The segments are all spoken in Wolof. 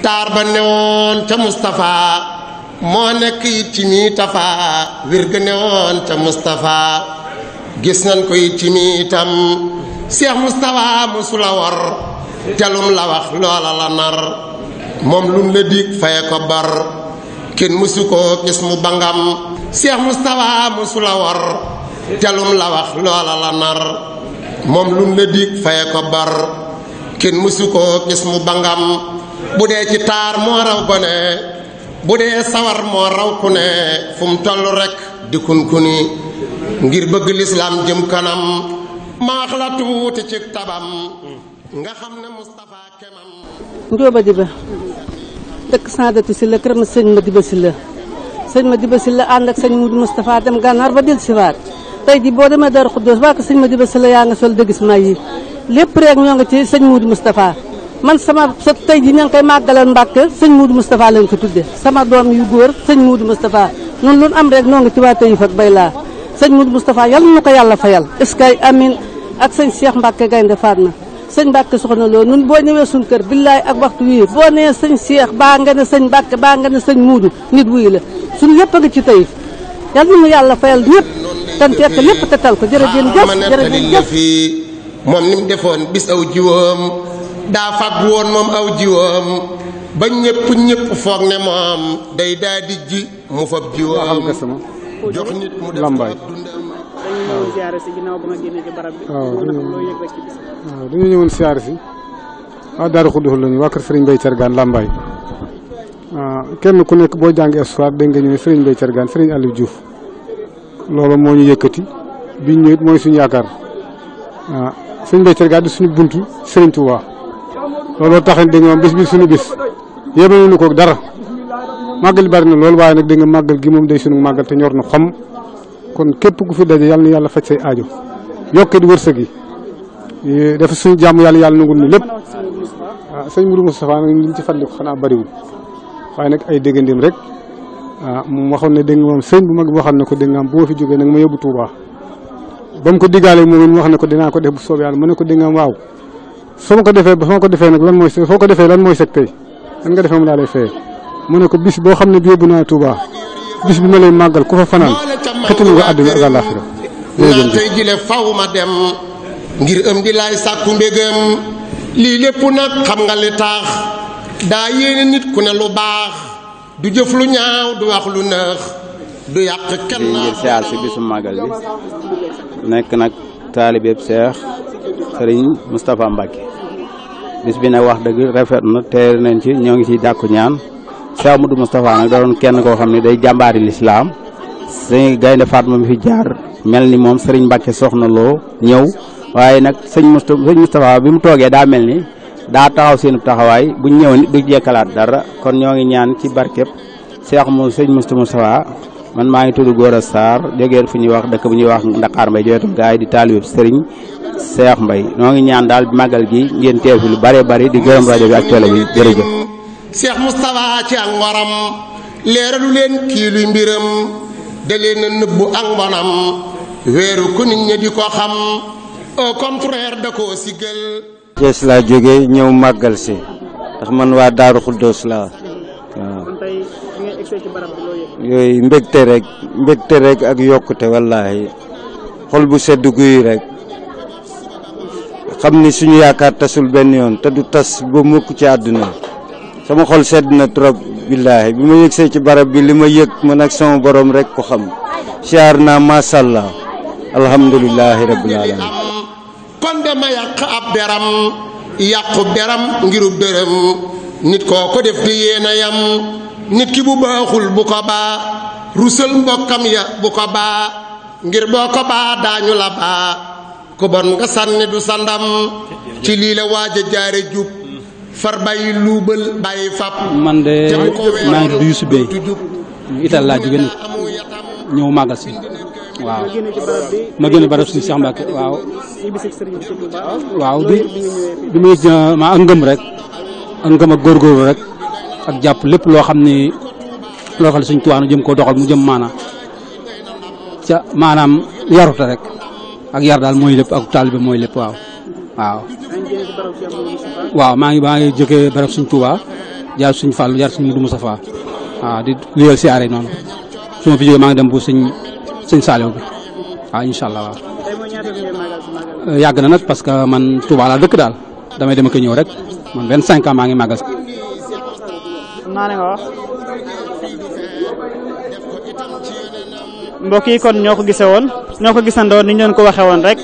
taar ba newoon ca Mustapha moo nekk it ci mii tafa wér ga newoon ca Mustapha gis nañ ko it ci mii itam Cheikh Mustapha mosula war telum la wax loola la nar moom lum la dig faye ko bar kenn mosu mu bangam Cheikh Mustapha mosula ko gis mu bangam bu dee ci taar moo raw gone bu dee sawar moo raw ku ne fu mu toll rekk di kunkuni ngir bëgg lislaam jëm kanam maax la tuuti ci tabam nga xam ne Moustapha kemam njóoba diba dëkk sandatu si la ma sëñ ma diba si la sëñ ma diba si la ànd ak sëñ Mudu Moustapha dem gànnaar ba del siwaat tey ji boo demee Daaru Xuddoos sëñ ma diba si la yaa nga sol dëgg si may yi lépp rek ñoo nga ci sëñ Mudu Moustapha man sama sa tey ji ña ngi koy màggalal Mbàkke sëñ Muudu Moustapha lañ ko tudde sama doom yu góor sëñ Muudu Moustapha noonu lu am rek noo ngi ci waa Taïf ak Bayla sëñ Muudu Moustapha yal na ko yàlla fayal iskay amin ak sëñ Cheikh Mbàkke Gaynde Fatma sëñ Mbàkke soxna loo nun boo ñëwee suñ kër billaay ak waxtu wii boo nee sëñ Cheikh baa nga ne sëñ Mbàkke baa nga ne sëñ Muudu nit wuyu la suñu yëpp a ngi ci Taïf yal na mu yàlla fayal ñëpp tan fekk lépp te ko jërëjëf jëf jërëjëf jëf moom ni mu defoon bis aw jiwoom daa fag woon moom aw jiwam ba ñëpp ñëpp foog ne moom day daa di ji mu fab jiwam jox nit mu def dundam waaw waaw ñëwoon siyaare si waaw Daaru Xudoos la ñu waa kër bay Mbaye Thiergane Lambaye ah, kenn ku nekk boo jàngee histoire dégg nga ñu ne Serigne Mbaye Thiergane Serigne Aliou Diouf loolu moo ñu yëkkati bi ñëwit mooy suñu yaakaar waaw ah, Serigne Mbaye di suñu bunt Serigne Touba looloo taxin da nga bis bi suñu bis yéeme nu ko dara màggal bari na loolu waaye nag da nga màggal gi moom day suñu màggal te ñor na xom kon képp ku fi daje yàlla na yàlla faj say ajo yokk di wërsëg yi dafa suñu jàmm yàlla yàlla nangul ñu lépp waaw sëñ Mourou Moustapha nag liñ ci fàttaliku xanaa bariwul waaye nag ay déggandeem rek ah moom waxoon ne dégg nga moom sëñ bu mag bi waxoon na ko dégg nga am fi jógee nag ma yóbbu Touba ba mu ko digaalee moom wax na ko dinaa ko def bu soobee yàlla mu ne ko dégg waaw su ma ko defee ba su ko defee nag lan mooy foo ko defee lan mooy sëg tey lan nga defee mu laa lay mu ne ko bis boo xam ne bi yóbbu naa Touba bis bi ma lay màggal ku fa fanaan xëttina nga àdduna ak àllaaxira naan tey jile faw ma dem ngir ëm di laay sàkku mbégam lii lépp nag xam nga li tax daa yéene nit ku ne lu baax du jëf lu ñaaw du wax lu nëx du yàq kenn ngir siyaar si bisu màggal bi nekk nag taalibeeb seex sëriñ Moustapha Mbacke bis bi nag wax dëgg rafet na te nañ ci ñoo ngi ciy dàkku ñaan Cheikh Amadou Moustapha nag da doon kenn koo xam ne day jàmbaari lislaam sëñ Gaynde Fatma mi fi jaar mel ni moom sëriñ Mbacke soxna loo ñëw waaye nag sëñ Moustapha bi mu toogee daa mel ni daa taxaw seen taxawaay bu ñëwoon du jekkalaat dara kon ñoo ngi ñaan ci barkeb Cheikh mu sëñ Moustapha man maa ngi tudd a Sarr jógeen fu ñuy wax dëkk bu ñuy wax Ndakaar Mbay jowetu gaa yi di taalib sëriñ Seex Mbay noo ngi ñaan daal màggal gi ngeen teew lu bare bari di gërëm rajo bi ak télé bi jërëjëf Seex Moustapha ci ak leeralu leen kii luy mbiram da nëbbu ak weeru ku nit ñi di ko xam au contraire da koo siggal Cees laa jóge ñëw màggal si ndax man waa Daaru Xuddoos laa yooyu mbégte rek mbégte rekk ak yokkute wallaahi xol bu sedd guy rek xam ni suñu yaakaar tasul benn yoon te du tas ba mukk ci àdduna sama xol sedd na trop billaahi bi ma yëgsee ci barab bi li ma yëg man ak sama borom rek ko xam siyaar naa macha allah alhamdulilahi rabbil kon de ma yàq ab deram yàqu deram ngiru dërëm nit koo ko def di yéena yam nit ki bu baaxul bu ko baa rusal mbokkam ya bu ko baa ngir boo ko baa daañu la baa ku bon nga sànni du sa ndam ci lii la waaj a jaare jub far bàyyi luubal bàyyi fab man de maa ngi du Youssou Bey ital laa jóge nag ñëw màggal si waaw ma génn barab suñu Cheikh Mbacke waaw waaw bi bi muy ma ak rek ak ngëm ak rek ak jàpp lépp loo xam ni loo xam ne suñ tuwaanu jëm koo doxal mu jëm maanaa ca maanaam yaruta rek ak yar daal mooy lépp ak taalibe mooy lépp waaw waaw maa ngi maa ngi jógee suñ Tuubaa jaar suñ Fàllu jaar suñ Mudu di wéyal siyaare noonu su ma fi jógee maa ngi dem bu suñ suñ bi waaw incha allah waaw yàgg na nag parce que man Tuubaa laa dëkk daal damay dem ñëw rek man 25 ans maa ngi màggal naa leen ko yi kon ñoo ko gise woon ñoo ko gisandoo ni ñu leen ko waxee woon rek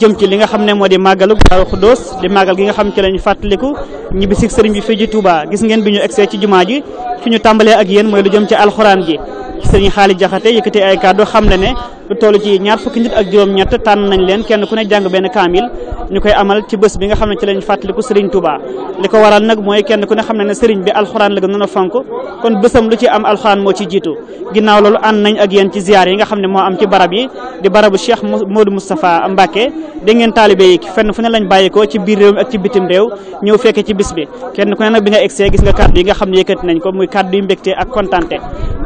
jëm ci li nga xam ne moo di màggalu Daaru Xuddoos di màggal gi nga xam ci lañu fàttaliku ñibbi si sëriñ bi fii ci Touba gis ngeen bi ñu egsee ci jumaa ji fi ñu tàmbalee ak yéen mooy lu jëm ci alxuraan ji sëriñ xaali jaxate yëkkati ay kàddu xam ne ne lu toll ci ñaar fukki nit juróom-ñett tànn nañ leen kenn ku ne jàng benn kaamil ñu koy amal ci bés bi nga xam ne ci lañ fàttaliku sëriñ Touba li ko waral nag mooy kenn ku ne xam ne ne sëriñ bi alxuraan la gën a fonk kon bésam lu ci am alxuraan moo ci jiitu ginnaaw loolu ànd nañ ak yéen ci ziar yi nga xam ne moo am ci barab yi di barabu Cheikh Modou Moustapha Mbacké da ngeen taalibe yi fenn fu ne lañ bàyyikoo ci biir ci bitim réew bis bi kenn ku ne bi nga egsee gis nga kàddu yi nga xam ne yëkkati nañ ko muy kàddu yu mbégte ak kontante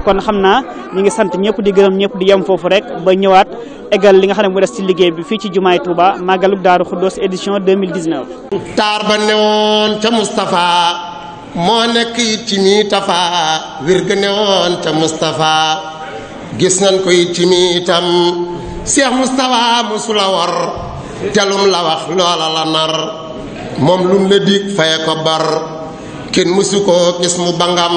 kon xam naa ñi ngi sant ñëpp di gërëm ñëpp di yem foofu rek ba ñëwaat eggal li nga xam ne mu des ci liggéey bi fii ci jumaay Touba màggalug Daaru Xuddoos édition 2019 taar ba newoon ca Moustapha moo nekk it ci mii tafa wér ga newoon ca Moustapha ko it ci mii itam Cheikh Moustapha la wax loola la nar moom lu mu la dig faye ko bar kenn mësu koo gis mu bangam